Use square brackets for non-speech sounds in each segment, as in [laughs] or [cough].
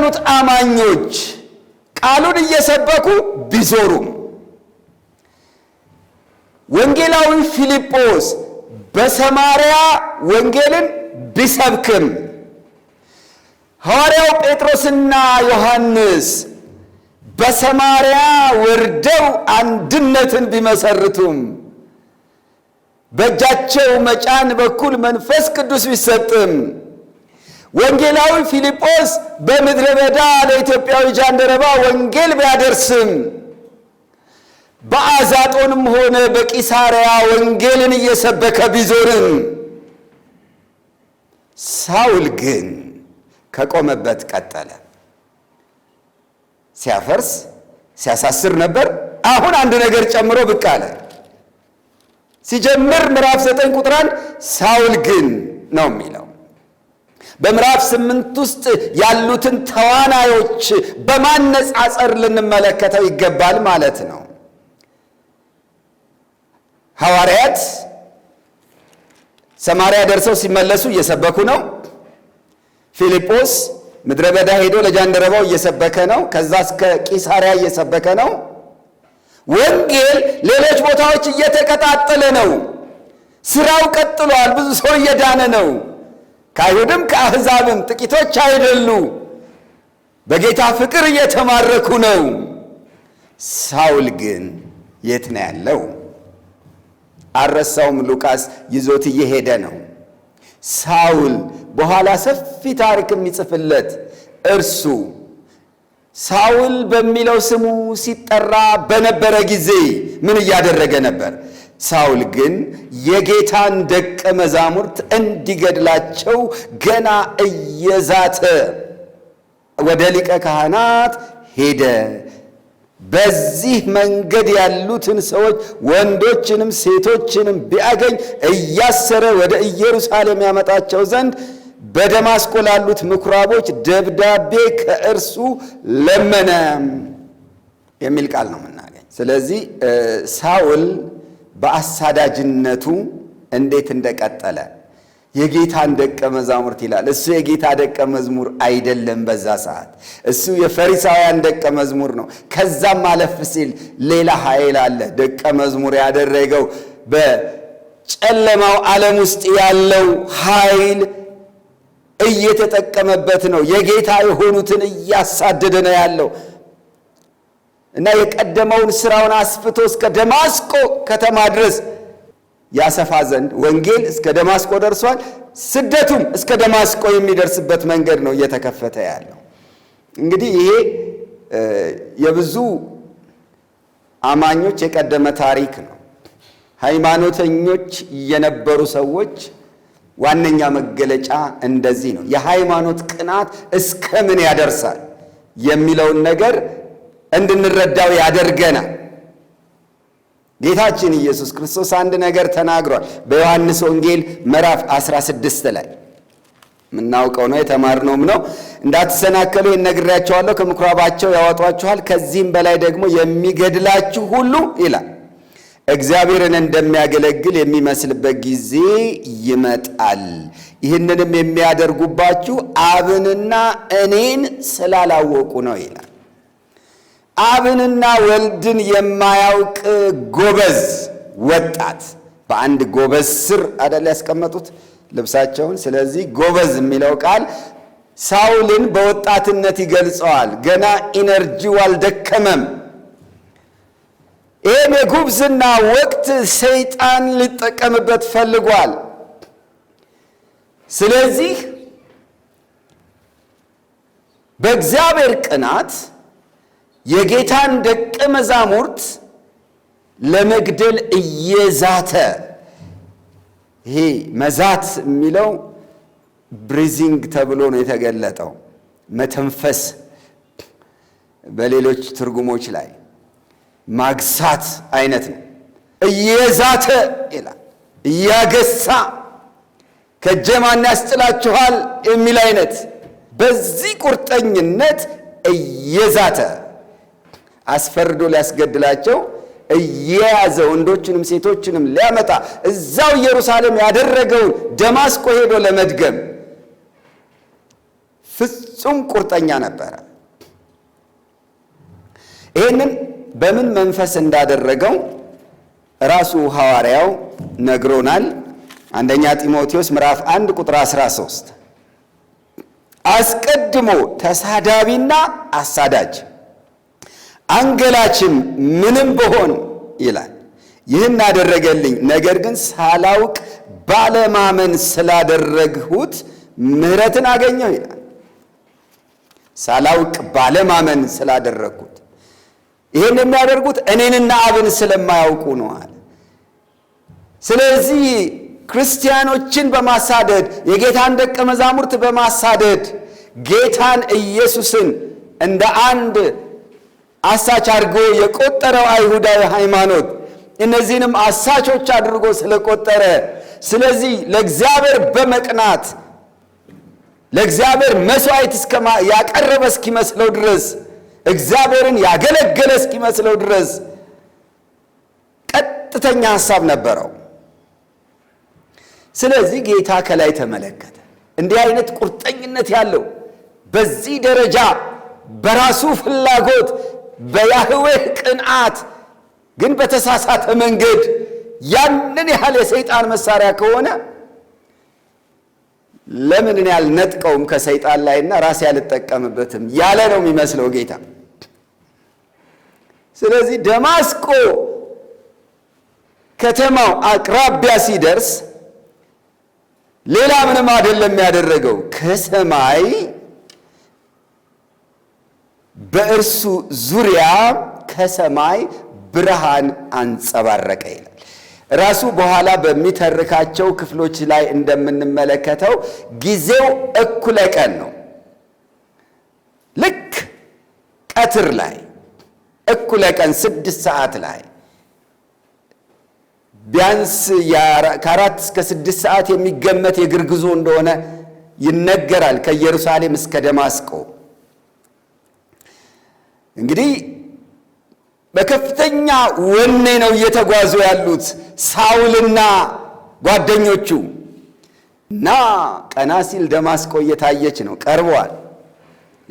ያሉት አማኞች ቃሉን እየሰበኩ ቢዞሩም ወንጌላዊ ፊልጶስ በሰማርያ ወንጌልን ቢሰብክም ሐዋርያው ጴጥሮስና ዮሐንስ በሰማርያ ወርደው አንድነትን ቢመሰርቱም በእጃቸው መጫን በኩል መንፈስ ቅዱስ ቢሰጥም ወንጌላዊ ፊልጶስ በምድረ በዳ ለኢትዮጵያዊ ጃንደረባ ወንጌል ቢያደርስም በአዛጦንም ሆነ በቂሳሪያ ወንጌልን እየሰበከ ቢዞርም ሳውል ግን ከቆመበት ቀጠለ። ሲያፈርስ ሲያሳስር ነበር። አሁን አንድ ነገር ጨምሮ ብቅ አለ። ሲጀምር ምዕራፍ ዘጠኝ ቁጥር አንድ ሳውል ግን ነው የሚለው በምዕራፍ ስምንት ውስጥ ያሉትን ተዋናዮች በማነጻጸር ልንመለከተው ይገባል ማለት ነው። ሐዋርያት ሰማርያ ደርሰው ሲመለሱ እየሰበኩ ነው። ፊልጶስ ምድረ በዳ ሄዶ ለጃንደረባው እየሰበከ ነው። ከዛ እስከ ቂሳሪያ እየሰበከ ነው። ወንጌል ሌሎች ቦታዎች እየተቀጣጠለ ነው። ስራው ቀጥሏል። ብዙ ሰው እየዳነ ነው። ከአይሁድም ከአሕዛብም ጥቂቶች አይደሉ፣ በጌታ ፍቅር እየተማረኩ ነው። ሳውል ግን የት ነው ያለው? አረሳውም ሉቃስ ይዞት እየሄደ ነው። ሳውል በኋላ ሰፊ ታሪክ የሚጽፍለት እርሱ ሳውል በሚለው ስሙ ሲጠራ በነበረ ጊዜ ምን እያደረገ ነበር? ሳውል ግን የጌታን ደቀ መዛሙርት እንዲገድላቸው ገና እየዛተ ወደ ሊቀ ካህናት ሄደ። በዚህ መንገድ ያሉትን ሰዎች ወንዶችንም ሴቶችንም ቢያገኝ እያሰረ ወደ ኢየሩሳሌም ያመጣቸው ዘንድ በደማስቆ ላሉት ምኩራቦች ደብዳቤ ከእርሱ ለመነ የሚል ቃል ነው የምናገኝ። ስለዚህ ሳውል በአሳዳጅነቱ እንዴት እንደቀጠለ የጌታን ደቀ መዛሙርት ይላል። እሱ የጌታ ደቀ መዝሙር አይደለም። በዛ ሰዓት እሱ የፈሪሳውያን ደቀ መዝሙር ነው። ከዛም አለፍ ሲል ሌላ ኃይል አለ። ደቀ መዝሙር ያደረገው በጨለማው ዓለም ውስጥ ያለው ኃይል እየተጠቀመበት ነው። የጌታ የሆኑትን እያሳደደ ነው ያለው። እና የቀደመውን ስራውን አስፍቶ እስከ ደማስቆ ከተማ ድረስ ያሰፋ ዘንድ ወንጌል እስከ ደማስቆ ደርሷል። ስደቱም እስከ ደማስቆ የሚደርስበት መንገድ ነው እየተከፈተ ያለው። እንግዲህ ይሄ የብዙ አማኞች የቀደመ ታሪክ ነው። ሃይማኖተኞች የነበሩ ሰዎች ዋነኛ መገለጫ እንደዚህ ነው። የሃይማኖት ቅናት እስከ ምን ያደርሳል የሚለውን ነገር እንድንረዳው ያደርገናል። ጌታችን ኢየሱስ ክርስቶስ አንድ ነገር ተናግሯል። በዮሐንስ ወንጌል ምዕራፍ 16 ላይ የምናውቀው ነው የተማርነውም ነው። እንዳትሰናከሉ እነግራችኋለሁ፣ ከምኩራባቸው ያወጧችኋል፣ ከዚህም በላይ ደግሞ የሚገድላችሁ ሁሉ ይላል እግዚአብሔርን እንደሚያገለግል የሚመስልበት ጊዜ ይመጣል። ይህንንም የሚያደርጉባችሁ አብንና እኔን ስላላወቁ ነው ይላል። አብንና ወልድን የማያውቅ ጎበዝ ወጣት በአንድ ጎበዝ ስር አደል ያስቀመጡት ልብሳቸውን። ስለዚህ ጎበዝ የሚለው ቃል ሳውልን በወጣትነት ይገልጸዋል። ገና ኢነርጂው አልደከመም። ይህም የጉብዝና ወቅት ሰይጣን ሊጠቀምበት ፈልጓል። ስለዚህ በእግዚአብሔር ቅናት የጌታን ደቀ መዛሙርት ለመግደል እየዛተ ይሄ መዛት የሚለው ብሪዚንግ ተብሎ ነው የተገለጠው። መተንፈስ በሌሎች ትርጉሞች ላይ ማግሳት አይነት ነው። እየዛተ ይላል፣ እያገሳ ከእጄ ማን ያስጥላችኋል የሚል አይነት በዚህ ቁርጠኝነት እየዛተ አስፈርዶ ሊያስገድላቸው እየያዘ ወንዶችንም ሴቶችንም ሊያመጣ እዛው ኢየሩሳሌም ያደረገውን ደማስቆ ሄዶ ለመድገም ፍጹም ቁርጠኛ ነበረ። ይህንን በምን መንፈስ እንዳደረገው ራሱ ሐዋርያው ነግሮናል። አንደኛ ጢሞቴዎስ ምዕራፍ 1 ቁጥር 13 አስቀድሞ ተሳዳቢና አሳዳጅ አንገላችም ምንም ብሆን ይላል። ይህን አደረገልኝ፣ ነገር ግን ሳላውቅ ባለማመን ስላደረግሁት ምሕረትን አገኘው ይላል። ሳላውቅ ባለማመን ስላደረግሁት ይህን የሚያደርጉት እኔንና አብን ስለማያውቁ ነው አለ። ስለዚህ ክርስቲያኖችን በማሳደድ የጌታን ደቀ መዛሙርት በማሳደድ ጌታን ኢየሱስን እንደ አንድ አሳች አድርጎ የቆጠረው አይሁዳዊ ሃይማኖት እነዚህንም አሳቾች አድርጎ ስለቆጠረ፣ ስለዚህ ለእግዚአብሔር በመቅናት ለእግዚአብሔር እስከማ ያቀረበ እስኪመስለው ድረስ እግዚአብሔርን ያገለገለ እስኪመስለው ድረስ ቀጥተኛ ሐሳብ ነበረው። ስለዚህ ጌታ ከላይ ተመለከተ። እንዲህ አይነት ቁርጠኝነት ያለው በዚህ ደረጃ በራሱ ፍላጎት በያህዌህ ቅንዓት ግን በተሳሳተ መንገድ ያንን ያህል የሰይጣን መሳሪያ ከሆነ ለምን እኔ አልነጥቀውም ከሰይጣን ላይና ራሴ አልጠቀምበትም ያለ ነው የሚመስለው ጌታ። ስለዚህ ደማስቆ ከተማው አቅራቢያ ሲደርስ ሌላ ምንም አይደለም ያደረገው ከሰማይ በእርሱ ዙሪያ ከሰማይ ብርሃን አንጸባረቀ ይላል። ራሱ በኋላ በሚተርካቸው ክፍሎች ላይ እንደምንመለከተው ጊዜው እኩለ ቀን ነው። ልክ ቀትር ላይ እኩለ ቀን ስድስት ሰዓት ላይ ቢያንስ ከአራት እስከ ስድስት ሰዓት የሚገመት የእግር እንደሆነ ይነገራል ከኢየሩሳሌም እስከ ደማስቆ እንግዲህ በከፍተኛ ወኔ ነው እየተጓዙ ያሉት ሳውልና ጓደኞቹ እና ቀና ሲል ደማስቆ እየታየች ነው። ቀርበዋል።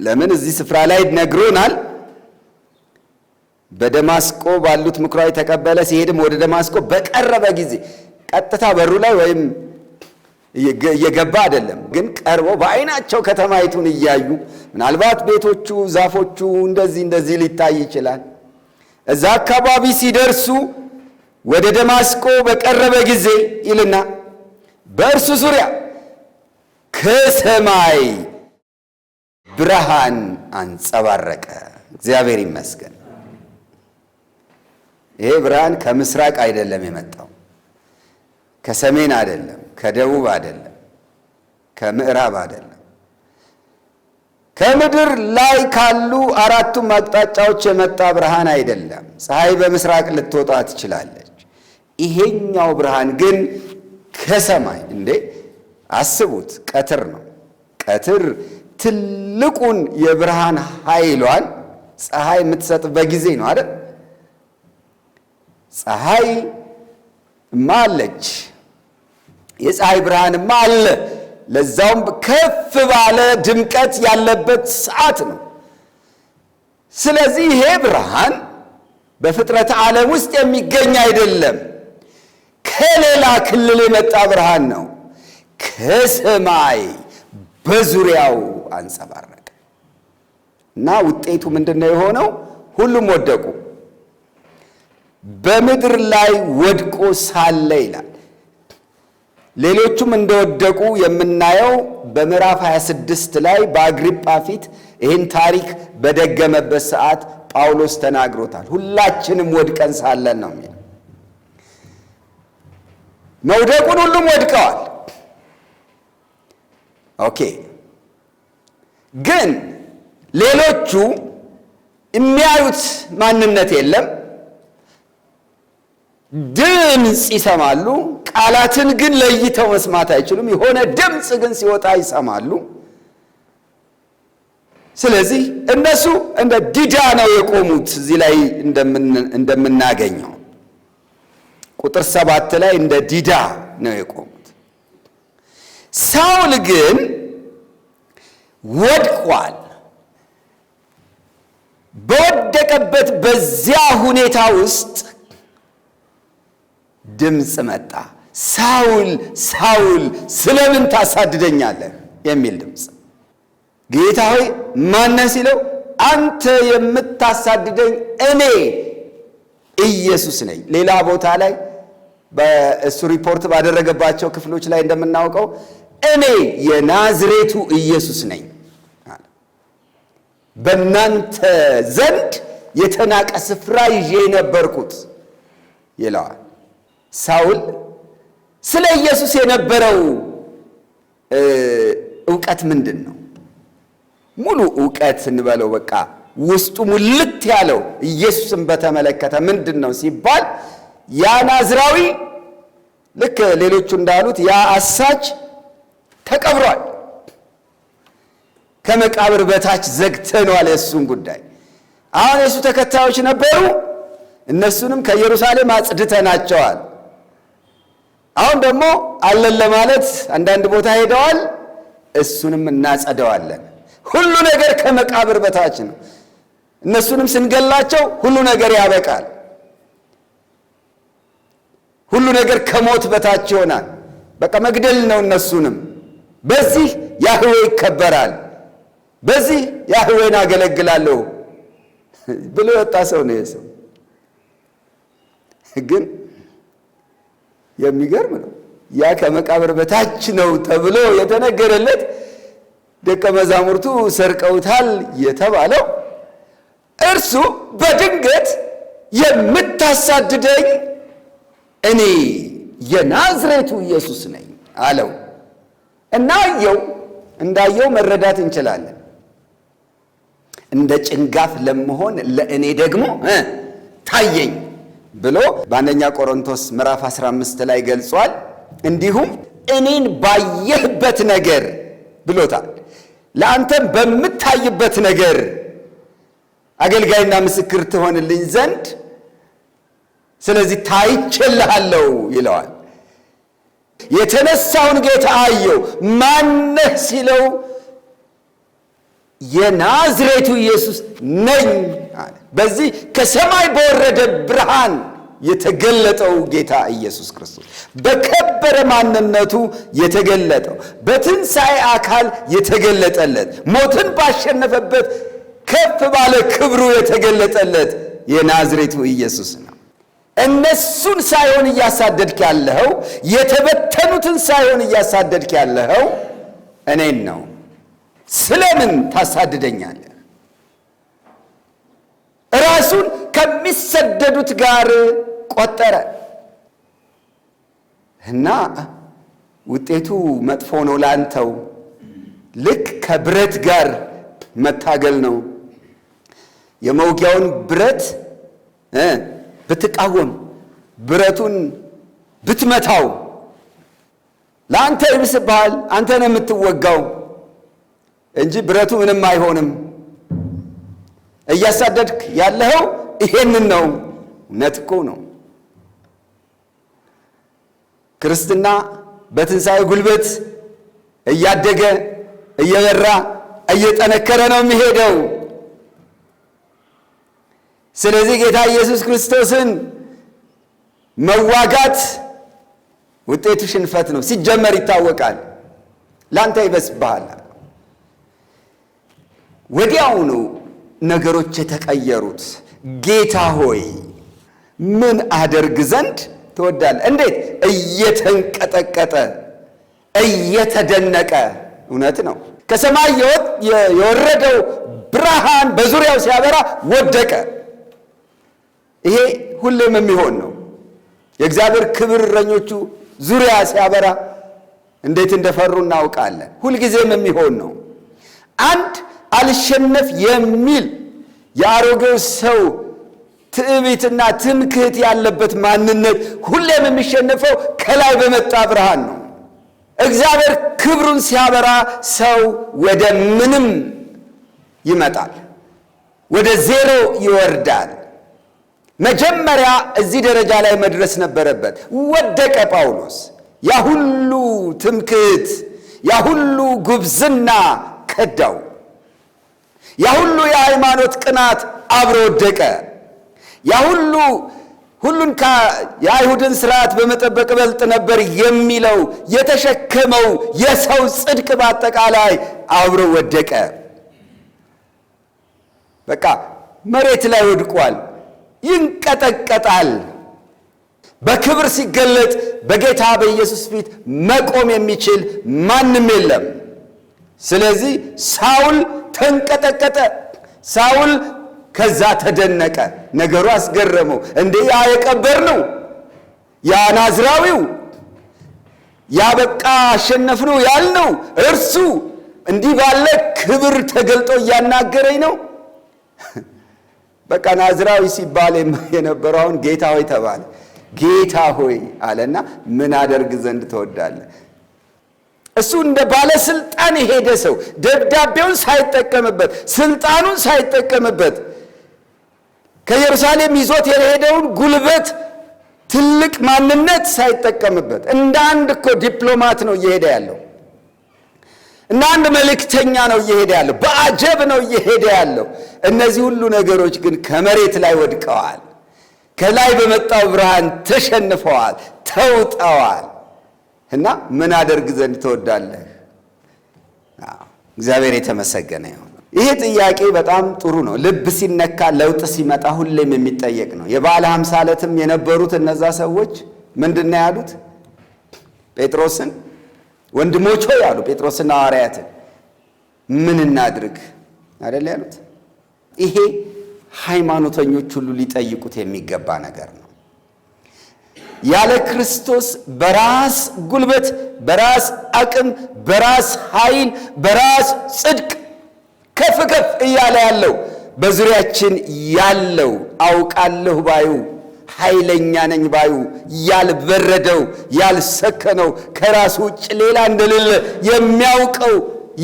ለምን እዚህ ስፍራ ላይ ነግሮናል። በደማስቆ ባሉት ምኩራዊ ተቀበለ። ሲሄድም ወደ ደማስቆ በቀረበ ጊዜ ቀጥታ በሩ ላይ ወይም እየገባ አይደለም። ግን ቀርበው በአይናቸው ከተማይቱን እያዩ ምናልባት ቤቶቹ፣ ዛፎቹ እንደዚህ እንደዚህ ሊታይ ይችላል። እዛ አካባቢ ሲደርሱ ወደ ደማስቆ በቀረበ ጊዜ ይልና በእርሱ ዙሪያ ከሰማይ ብርሃን አንጸባረቀ። እግዚአብሔር ይመስገን። ይሄ ብርሃን ከምስራቅ አይደለም የመጣው ከሰሜን አይደለም፣ ከደቡብ አይደለም፣ ከምዕራብ አይደለም። ከምድር ላይ ካሉ አራቱም አቅጣጫዎች የመጣ ብርሃን አይደለም። ፀሐይ በምስራቅ ልትወጣ ትችላለች። ይሄኛው ብርሃን ግን ከሰማይ እንዴ! አስቡት፣ ቀትር ነው። ቀትር ትልቁን የብርሃን ኃይሏን ፀሐይ የምትሰጥበት ጊዜ ነው አይደል? ፀሐይ ማለች የፀሐይ ብርሃን ማለ ለዛውም ከፍ ባለ ድምቀት ያለበት ሰዓት ነው። ስለዚህ ይሄ ብርሃን በፍጥረት ዓለም ውስጥ የሚገኝ አይደለም። ከሌላ ክልል የመጣ ብርሃን ነው። ከሰማይ በዙሪያው አንጸባረቀ እና ውጤቱ ምንድን ነው የሆነው? ሁሉም ወደቁ። በምድር ላይ ወድቆ ሳለ ይላል። ሌሎቹም እንደወደቁ የምናየው በምዕራፍ 26 ላይ በአግሪጳ ፊት ይህን ታሪክ በደገመበት ሰዓት ጳውሎስ ተናግሮታል። ሁላችንም ወድቀን ሳለን ነው የሚለው። መውደቁን ሁሉም ወድቀዋል። ኦኬ። ግን ሌሎቹ የሚያዩት ማንነት የለም ድምፅ ይሰማሉ። ቃላትን ግን ለይተው መስማት አይችሉም። የሆነ ድምፅ ግን ሲወጣ ይሰማሉ። ስለዚህ እነሱ እንደ ዲዳ ነው የቆሙት። እዚህ ላይ እንደምናገኘው ቁጥር ሰባት ላይ እንደ ዲዳ ነው የቆሙት። ሳውል ግን ወድቋል። በወደቀበት በዚያ ሁኔታ ውስጥ ድምፅ መጣ። ሳውል ሳውል ስለምን ታሳድደኛለህ? የሚል ድምፅ። ጌታ ሆይ ማነህ ሲለው አንተ የምታሳድደኝ እኔ ኢየሱስ ነኝ። ሌላ ቦታ ላይ በእሱ ሪፖርት ባደረገባቸው ክፍሎች ላይ እንደምናውቀው እኔ የናዝሬቱ ኢየሱስ ነኝ፣ በእናንተ ዘንድ የተናቀ ስፍራ ይዤ የነበርኩት ይለዋል። ሳውል ስለ ኢየሱስ የነበረው እውቀት ምንድን ነው? ሙሉ እውቀት እንበለው በቃ ውስጡ ሙልት ያለው ኢየሱስን በተመለከተ ምንድን ነው ሲባል ያ ናዝራዊ ልክ ሌሎቹ እንዳሉት ያ አሳች ተቀብሯል። ከመቃብር በታች ዘግተነዋል የእሱን ጉዳይ። አሁን የእሱ ተከታዮች ነበሩ፣ እነሱንም ከኢየሩሳሌም አጽድተናቸዋል። አሁን ደግሞ አለን ለማለት አንዳንድ ቦታ ሄደዋል። እሱንም እናጸደዋለን። ሁሉ ነገር ከመቃብር በታች ነው። እነሱንም ስንገላቸው ሁሉ ነገር ያበቃል። ሁሉ ነገር ከሞት በታች ይሆናል። በቃ መግደል ነው እነሱንም። በዚህ ያህዌ ይከበራል። በዚህ ያህዌን አገለግላለሁ ብሎ የወጣ ሰው ነው የሰው ግን የሚገርም ነው። ያ ከመቃብር በታች ነው ተብሎ የተነገረለት ደቀ መዛሙርቱ ሰርቀውታል የተባለው እርሱ በድንገት የምታሳድደኝ እኔ የናዝሬቱ ኢየሱስ ነኝ አለው እና አየው። እንዳየው መረዳት እንችላለን። እንደ ጭንጋፍ ለመሆን ለእኔ ደግሞ ታየኝ። ብሎ በአንደኛ ቆሮንቶስ ምዕራፍ 15 ላይ ገልጿል። እንዲሁም እኔን ባየህበት ነገር ብሎታል። ለአንተም በምታይበት ነገር አገልጋይና ምስክር ትሆንልኝ ዘንድ ስለዚህ ታይቼልሃለሁ ይለዋል። የተነሳውን ጌታ አየው። ማነህ ሲለው የናዝሬቱ ኢየሱስ ነኝ አለ። በዚህ ከሰማይ በወረደ ብርሃን የተገለጠው ጌታ ኢየሱስ ክርስቶስ በከበረ ማንነቱ የተገለጠው በትንሣኤ አካል የተገለጠለት ሞትን ባሸነፈበት ከፍ ባለ ክብሩ የተገለጠለት የናዝሬቱ ኢየሱስ ነው። እነሱን ሳይሆን እያሳደድክ ያለኸው የተበተኑትን ሳይሆን እያሳደድክ ያለኸው እኔን ነው። ስለምን ታሳድደኛለህ? ራሱን ከሚሰደዱት ጋር ቆጠረ እና ውጤቱ መጥፎ ነው ላንተው፣ ልክ ከብረት ጋር መታገል ነው። የመውጊያውን ብረት ብትቃወም፣ ብረቱን ብትመታው ለአንተ ይብስብሃል። አንተ ነው የምትወጋው እንጂ ብረቱ ምንም አይሆንም። እያሳደድክ ያለኸው ይሄንን ነው። እውነት እኮ ነው። ክርስትና በትንሣኤ ጉልበት እያደገ እየበራ እየጠነከረ ነው የሚሄደው። ስለዚህ ጌታ ኢየሱስ ክርስቶስን መዋጋት ውጤቱ ሽንፈት ነው። ሲጀመር ይታወቃል። ላንተ ይበስብሃል። ወዲያው ነገሮች የተቀየሩት። ጌታ ሆይ ምን አደርግ ዘንድ ትወዳለህ? እንዴት እየተንቀጠቀጠ እየተደነቀ እውነት ነው። ከሰማይ የወረደው ብርሃን በዙሪያው ሲያበራ ወደቀ። ይሄ ሁሌም የሚሆን ነው። የእግዚአብሔር ክብር እረኞቹ ዙሪያ ሲያበራ እንዴት እንደፈሩ እናውቃለን። ሁልጊዜም የሚሆን ነው። አንድ አልሸነፍ የሚል የአሮጌው ሰው ትዕቢትና ትምክህት ያለበት ማንነት ሁሌም የሚሸነፈው ከላይ በመጣ ብርሃን ነው። እግዚአብሔር ክብሩን ሲያበራ ሰው ወደ ምንም ይመጣል፣ ወደ ዜሮ ይወርዳል። መጀመሪያ እዚህ ደረጃ ላይ መድረስ ነበረበት። ወደቀ ጳውሎስ። ያ ሁሉ ትምክህት፣ ያ ሁሉ ጉብዝና ከዳው። ያ ሁሉ የሃይማኖት ቅናት አብሮ ወደቀ። ያ ሁሉ ሁሉን የአይሁድን ስርዓት በመጠበቅ በልጥ ነበር የሚለው የተሸከመው የሰው ጽድቅ በአጠቃላይ አብሮ ወደቀ። በቃ መሬት ላይ ወድቋል፣ ይንቀጠቀጣል። በክብር ሲገለጥ በጌታ በኢየሱስ ፊት መቆም የሚችል ማንም የለም። ስለዚህ ሳውል ተንቀጠቀጠ። ሳውል ከዛ ተደነቀ። ነገሩ አስገረመው። እንዴ ያ የቀበር ነው ያ ናዝራዊው ያ በቃ አሸነፍ ነው ያልነው እርሱ እንዲህ ባለ ክብር ተገልጦ እያናገረኝ ነው። በቃ ናዝራዊ ሲባል የነበረው አሁን ጌታ ሆይ ተባለ። ጌታ ሆይ አለና ምን አደርግ ዘንድ ትወዳለህ? እሱ እንደ ባለስልጣን የሄደ ሰው ደብዳቤውን ሳይጠቀምበት ስልጣኑን ሳይጠቀምበት ከኢየሩሳሌም ይዞት የሄደውን ጉልበት ትልቅ ማንነት ሳይጠቀምበት እንደ አንድ እኮ ዲፕሎማት ነው እየሄደ ያለው። እንደ አንድ መልእክተኛ ነው እየሄደ ያለው። በአጀብ ነው እየሄደ ያለው። እነዚህ ሁሉ ነገሮች ግን ከመሬት ላይ ወድቀዋል። ከላይ በመጣው ብርሃን ተሸንፈዋል፣ ተውጠዋል። እና ምን አደርግ ዘንድ ትወዳለህ? እግዚአብሔር የተመሰገነ ይሁን። ይሄ ጥያቄ በጣም ጥሩ ነው። ልብ ሲነካ ለውጥ ሲመጣ ሁሌም የሚጠየቅ ነው። የበዓለ ሃምሳ ዕለትም የነበሩት እነዛ ሰዎች ምንድን ነው ያሉት? ጴጥሮስን ወንድሞች ሆይ ያሉ ጴጥሮስና ሐዋርያትን ምን እናድርግ አይደል ያሉት። ይሄ ሃይማኖተኞች ሁሉ ሊጠይቁት የሚገባ ነገር ነው። ያለ ክርስቶስ በራስ ጉልበት፣ በራስ አቅም፣ በራስ ኃይል፣ በራስ ጽድቅ ከፍ ከፍ እያለ ያለው በዙሪያችን ያለው አውቃለሁ ባዩ ኃይለኛ ነኝ ባዩ ያልበረደው ያልሰከነው ከራሱ ውጭ ሌላ እንደሌለ የሚያውቀው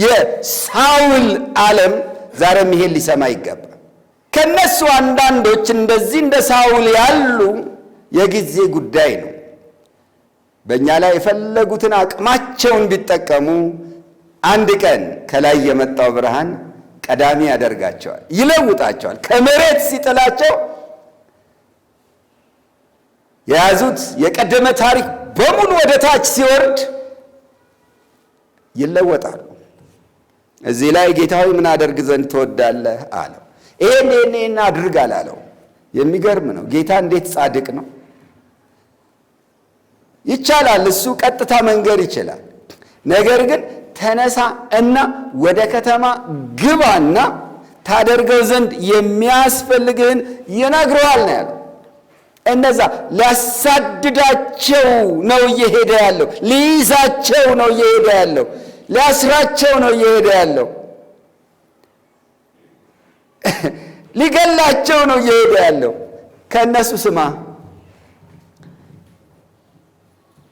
የሳውል ዓለም ዛሬም ይሄን ሊሰማ ይገባል። ከእነሱ አንዳንዶች እንደዚህ እንደ ሳውል ያሉ የጊዜ ጉዳይ ነው። በእኛ ላይ የፈለጉትን አቅማቸውን ቢጠቀሙ አንድ ቀን ከላይ የመጣው ብርሃን ቀዳሚ ያደርጋቸዋል፣ ይለውጣቸዋል። ከመሬት ሲጥላቸው የያዙት የቀደመ ታሪክ በሙሉ ወደ ታች ሲወርድ ይለወጣሉ። እዚህ ላይ ጌታዊ ምን አደርግ ዘንድ ትወዳለህ አለው። ይህን ይህን አድርግ አላለው። የሚገርም ነው። ጌታ እንዴት ጻድቅ ነው! ይቻላል፣ እሱ ቀጥታ መንገድ ይችላል። ነገር ግን ተነሳ እና ወደ ከተማ ግባና ታደርገው ዘንድ የሚያስፈልግህን ይነግረዋል ነው ያለው። እነዛ ሊያሳድዳቸው ነው እየሄደ ያለው፣ ሊይዛቸው ነው እየሄደ ያለው፣ ሊያስራቸው ነው እየሄደ ያለው። ሊገላቸው ነው እየሄደ ያለው። ከእነሱ ስማ፣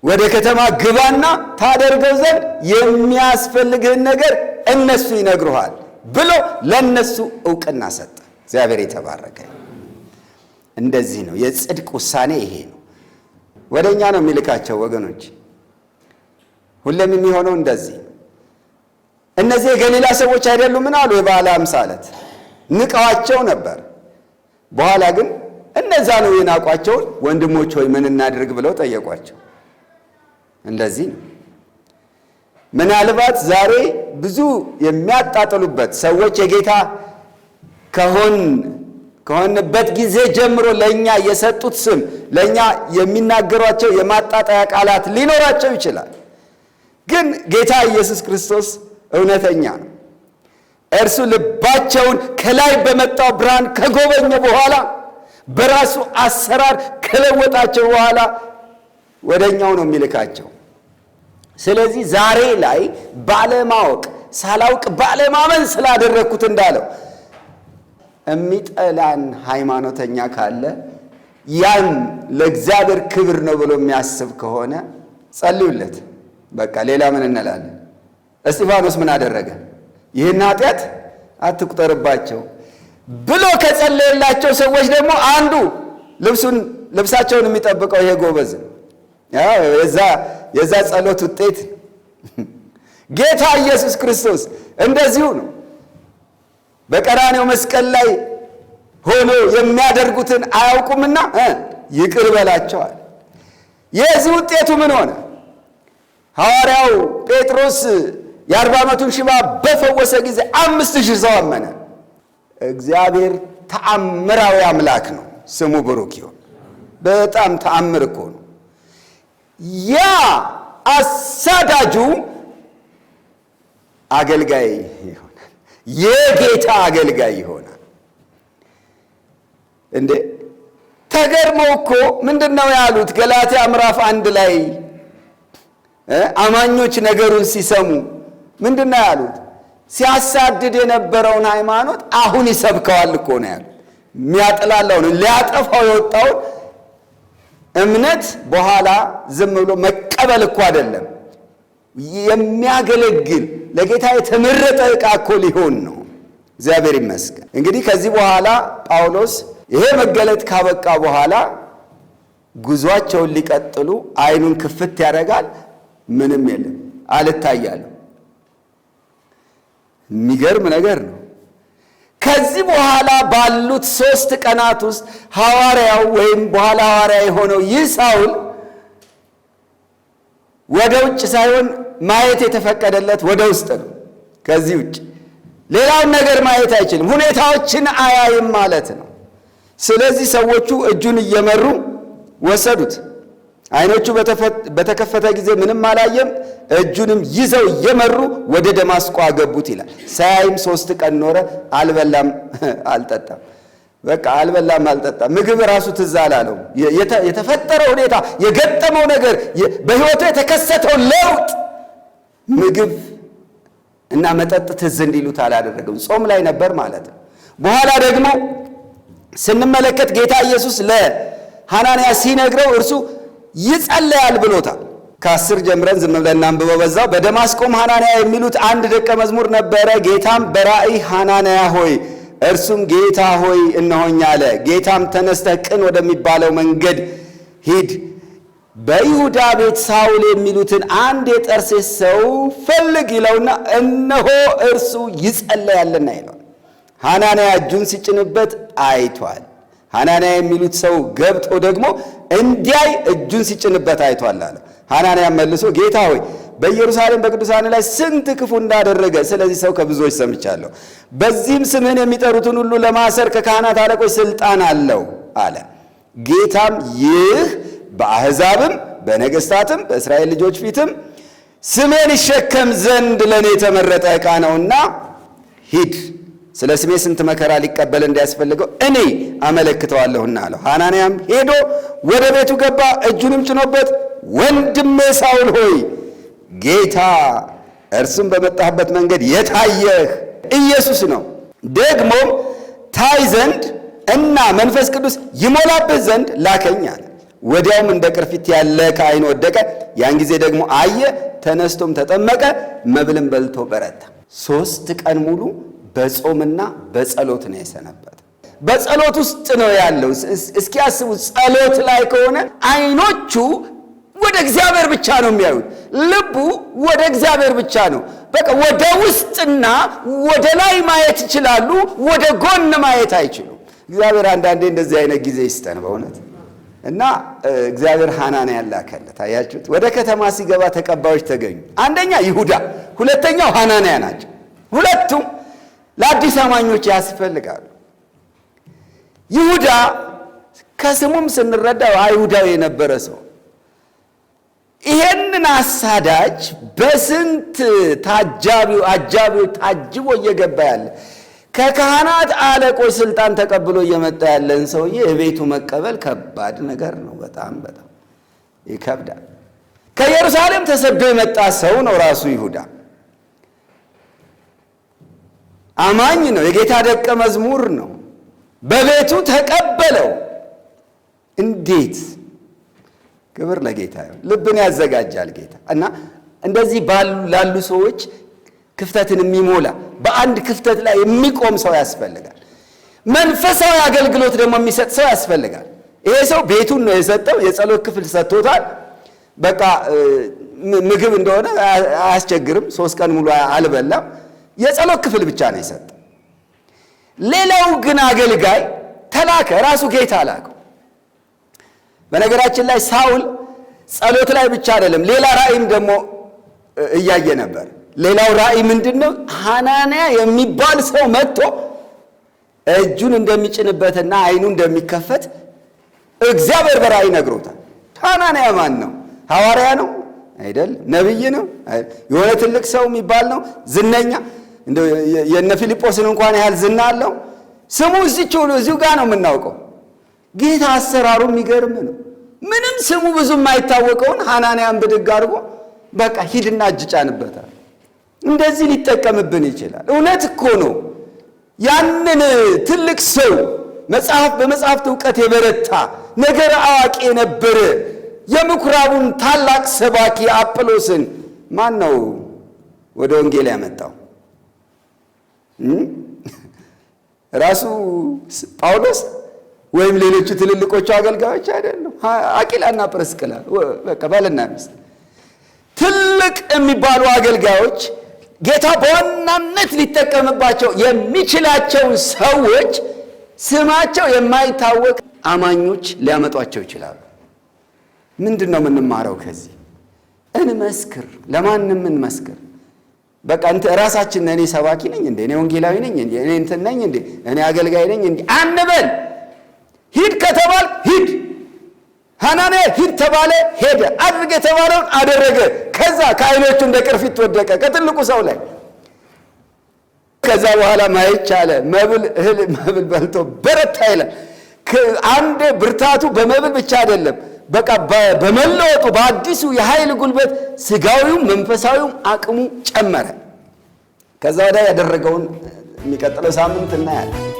ወደ ከተማ ግባና ታደርገው ዘንድ የሚያስፈልግህን ነገር እነሱ ይነግሩሃል ብሎ ለእነሱ እውቅና ሰጠ። እግዚአብሔር የተባረከ። እንደዚህ ነው የጽድቅ ውሳኔ። ይሄ ነው ወደ እኛ ነው የሚልካቸው ወገኖች። ሁሌም የሚሆነው እንደዚህ። እነዚህ የገሊላ ሰዎች አይደሉምን አሉ የበዓለ ሃምሳ ዕለት ንቀዋቸው ነበር። በኋላ ግን እነዛ ነው የናቋቸውን ወንድሞች ሆይ ምን እናድርግ ብለው ጠየቋቸው። እንደዚህ ነው። ምናልባት ዛሬ ብዙ የሚያጣጥሉበት ሰዎች የጌታ ከሆን ከሆንበት ጊዜ ጀምሮ ለእኛ የሰጡት ስም ለእኛ የሚናገሯቸው የማጣጣያ ቃላት ሊኖራቸው ይችላል። ግን ጌታ ኢየሱስ ክርስቶስ እውነተኛ ነው። እርሱ ልባቸውን ከላይ በመጣው ብርሃን ከጎበኘ በኋላ በራሱ አሰራር ከለወጣቸው በኋላ ወደኛው ነው የሚልካቸው። ስለዚህ ዛሬ ላይ ባለማወቅ ሳላውቅ ባለማመን ስላደረግኩት እንዳለው የሚጠላን ሃይማኖተኛ ካለ ያን ለእግዚአብሔር ክብር ነው ብሎ የሚያስብ ከሆነ ጸልዩለት። በቃ ሌላ ምን እንላለን? እስጢፋኖስ ምን አደረገ? ይህን ኃጢአት አትቁጠርባቸው ብሎ ከጸለየላቸው ሰዎች ደግሞ አንዱ ልብሱን ልብሳቸውን የሚጠብቀው ይሄ ጎበዝ የዛ ጸሎት ውጤት [laughs] ጌታ ኢየሱስ ክርስቶስ እንደዚሁ ነው። በቀራኔው መስቀል ላይ ሆኖ የሚያደርጉትን አያውቁምና ይቅር በላቸዋል። የዚህ ውጤቱ ምን ሆነ? ሐዋርያው ጴጥሮስ የአርባ ዓመቱን ሽባ በፈወሰ ጊዜ አምስት ሺህ ሰው አመነ። እግዚአብሔር ተአምራዊ አምላክ ነው። ስሙ ብሩክ ይሁን። በጣም ተአምር እኮ ነው። ያ አሳዳጁ አገልጋይ ይሆናል። የጌታ አገልጋይ ይሆናል። እንዴ ተገርሞ እኮ ምንድን ነው ያሉት? ገላትያ ምዕራፍ አንድ ላይ አማኞች ነገሩን ሲሰሙ ምንድን ነው ያሉት? ሲያሳድድ የነበረውን ሃይማኖት አሁን ይሰብከዋል እኮ ነው ያሉት። የሚያጥላላውን ሊያጠፋው የወጣውን እምነት በኋላ ዝም ብሎ መቀበል እኮ አይደለም፣ የሚያገለግል ለጌታ የተመረጠ ዕቃ እኮ ሊሆን ነው። እግዚአብሔር ይመስገን። እንግዲህ ከዚህ በኋላ ጳውሎስ ይሄ መገለጥ ካበቃ በኋላ ጉዟቸውን ሊቀጥሉ አይኑን ክፍት ያደርጋል። ምንም የለም፣ አልታያለሁ የሚገርም ነገር ነው። ከዚህ በኋላ ባሉት ሶስት ቀናት ውስጥ ሐዋርያው ወይም በኋላ ሐዋርያ የሆነው ይህ ሳውል ወደ ውጭ ሳይሆን ማየት የተፈቀደለት ወደ ውስጥ ነው። ከዚህ ውጭ ሌላውን ነገር ማየት አይችልም። ሁኔታዎችን አያይም ማለት ነው። ስለዚህ ሰዎቹ እጁን እየመሩ ወሰዱት። አይኖቹ በተከፈተ ጊዜ ምንም አላየም። እጁንም ይዘው እየመሩ ወደ ደማስቆ አገቡት ይላል። ሳያይም ሶስት ቀን ኖረ። አልበላም [laughs] አልጠጣም። በቃ አልበላም አልጠጣም። ምግብ ራሱ ትዝ አላለው። የተፈጠረው ሁኔታ፣ የገጠመው ነገር፣ በህይወቱ የተከሰተው ለውጥ ምግብ እና መጠጥ ትዝ እንዲሉት አላደረግም ጾም ላይ ነበር ማለት ነው። በኋላ ደግሞ ስንመለከት ጌታ ኢየሱስ ለሐናንያ ሲነግረው እርሱ ይጸለያል ብሎታል። ከአስር ጀምረን ዝም ብለን እናንብበው። በዛው በደማስቆም ሐናንያ የሚሉት አንድ ደቀ መዝሙር ነበረ። ጌታም በራእይ ሐናንያ ሆይ እርሱም ጌታ ሆይ እነሆኝ አለ። ጌታም ተነስተህ ቅን ወደሚባለው መንገድ ሂድ፣ በይሁዳ ቤት ሳውል የሚሉትን አንድ የጠርሴ ሰው ፈልግ ይለውና እነሆ እርሱ ይጸለያልና ይለዋል። ሐናንያ እጁን ሲጭንበት አይቷል። ሐናንያ የሚሉት ሰው ገብቶ ደግሞ እንዲያይ እጁን ሲጭንበት አይቷል አለ። ሐናንያ መልሶ ጌታ ሆይ በኢየሩሳሌም በቅዱሳን ላይ ስንት ክፉ እንዳደረገ ስለዚህ ሰው ከብዙዎች ሰምቻለሁ። በዚህም ስምህን የሚጠሩትን ሁሉ ለማሰር ከካህናት አለቆች ስልጣን አለው አለ። ጌታም ይህ በአሕዛብም በነገሥታትም በእስራኤል ልጆች ፊትም ስሜን ይሸከም ዘንድ ለእኔ የተመረጠ ዕቃ ነውና ሂድ ስለ ስሜ ስንት መከራ ሊቀበል እንዲያስፈልገው እኔ አመለክተዋለሁና አለው። ሐናንያም ሄዶ ወደ ቤቱ ገባ፣ እጁንም ጭኖበት ወንድሜ ሳውል ሆይ ጌታ እርሱም በመጣህበት መንገድ የታየህ ኢየሱስ ነው፣ ደግሞም ታይ ዘንድ እና መንፈስ ቅዱስ ይሞላበት ዘንድ ላከኝ አለ። ወዲያውም እንደ ቅርፊት ያለ ከዓይኑ ወደቀ። ያን ጊዜ ደግሞ አየ፣ ተነስቶም ተጠመቀ፣ መብልን በልቶ በረታ። ሶስት ቀን ሙሉ በጾምና በጸሎት ነው የሰነበት። በጸሎት ውስጥ ነው ያለው። እስኪ አስቡ፣ ጸሎት ላይ ከሆነ አይኖቹ ወደ እግዚአብሔር ብቻ ነው የሚያዩት። ልቡ ወደ እግዚአብሔር ብቻ ነው። በቃ ወደ ውስጥና ወደ ላይ ማየት ይችላሉ፣ ወደ ጎን ማየት አይችሉ። እግዚአብሔር አንዳንዴ እንደዚህ አይነት ጊዜ ይስጠን በእውነት እና እግዚአብሔር ሐናንያን ያላከለት አያችሁት? ወደ ከተማ ሲገባ ተቀባዮች ተገኙ። አንደኛ ይሁዳ፣ ሁለተኛው ሐናንያ ናቸው። ሁለቱም ለአዲስ አማኞች ያስፈልጋሉ። ይሁዳ ከስሙም ስንረዳው አይሁዳዊ የነበረ ሰው ይሄንን አሳዳጅ በስንት ታጃቢው አጃቢው ታጅቦ እየገባ ያለ ከካህናት አለቆች ስልጣን ተቀብሎ እየመጣ ያለን ሰውዬ የቤቱ መቀበል ከባድ ነገር ነው። በጣም በጣም ይከብዳል። ከኢየሩሳሌም ተሰዶ የመጣ ሰው ነው ራሱ ይሁዳ። አማኝ ነው። የጌታ ደቀ መዝሙር ነው። በቤቱ ተቀበለው። እንዴት ክብር ለጌታ ይሁን። ልብን ያዘጋጃል ጌታ እና እንደዚህ ላሉ ሰዎች ክፍተትን የሚሞላ በአንድ ክፍተት ላይ የሚቆም ሰው ያስፈልጋል። መንፈሳዊ አገልግሎት ደግሞ የሚሰጥ ሰው ያስፈልጋል። ይሄ ሰው ቤቱን ነው የሰጠው፣ የጸሎት ክፍል ሰጥቶታል። በቃ ምግብ እንደሆነ አያስቸግርም። ሶስት ቀን ሙሉ አልበላም። የጸሎት ክፍል ብቻ ነው የሰጠ። ሌላው ግን አገልጋይ ተላከ፣ ራሱ ጌታ ላከው። በነገራችን ላይ ሳውል ጸሎት ላይ ብቻ አይደለም፣ ሌላ ራእይም ደግሞ እያየ ነበር። ሌላው ራእይ ምንድን ነው? ሐናንያ የሚባል ሰው መጥቶ እጁን እንደሚጭንበትና አይኑን እንደሚከፈት እግዚአብሔር በራእይ ነግሮታል። ሐናንያ ማን ነው? ሐዋርያ ነው አይደል? ነቢይ ነው? የሆነ ትልቅ ሰው የሚባል ነው? ዝነኛ የነ ፊልጶስን እንኳን ያህል ዝና አለው ስሙ። እዚች ሁሉ እዚሁ ጋር ነው የምናውቀው። ጌታ አሰራሩ የሚገርም ነው። ምንም ስሙ ብዙ የማይታወቀውን ሐናንያን ብድግ አድርጎ በቃ ሂድና እጅ ጫንበታል። እንደዚህ ሊጠቀምብን ይችላል። እውነት እኮ ነው። ያንን ትልቅ ሰው መጽሐፍ በመጽሐፍት እውቀት የበረታ ነገር አዋቂ የነበረ የምኩራቡን ታላቅ ሰባኪ አጵሎስን ማን ነው ወደ ወንጌል ያመጣው? ራሱ ጳውሎስ ወይም ሌሎቹ ትልልቆቹ አገልጋዮች አይደሉም። አቂላና ጵርስቅላ በቃ ባልና ሚስት ትልቅ የሚባሉ አገልጋዮች ጌታ በዋናነት ሊጠቀምባቸው የሚችላቸውን ሰዎች ስማቸው የማይታወቅ አማኞች ሊያመጧቸው ይችላሉ። ምንድን ነው የምንማረው ከዚህ? እንመስክር፣ ለማንም እንመስክር። በቃ እንት ራሳችን እኔ ሰባኪ ነኝ እንዴ እኔ ወንጌላዊ ነኝ እንዴ እኔ እንትን ነኝ እንዴ እኔ አገልጋይ ነኝ እንዴ አንበል። ሂድ ከተባል ሂድ። ሐናንያ ሂድ ተባለ ሄደ። አድርግ የተባለውን አደረገ። ከዛ ከአይኖቹ እንደ ቅርፊት ወደቀ ከትልቁ ሰው ላይ። ከዛ በኋላ ማየት ቻለ። መብል እህል መብል በልቶ በረታ ይላል። አንዴ ብርታቱ በመብል ብቻ አይደለም በቃ በመለወጡ በአዲሱ የኃይል ጉልበት ስጋዊውም መንፈሳዊውም አቅሙ ጨመረ። ከዛ ወዲያ ያደረገውን የሚቀጥለው ሳምንት እናያለን።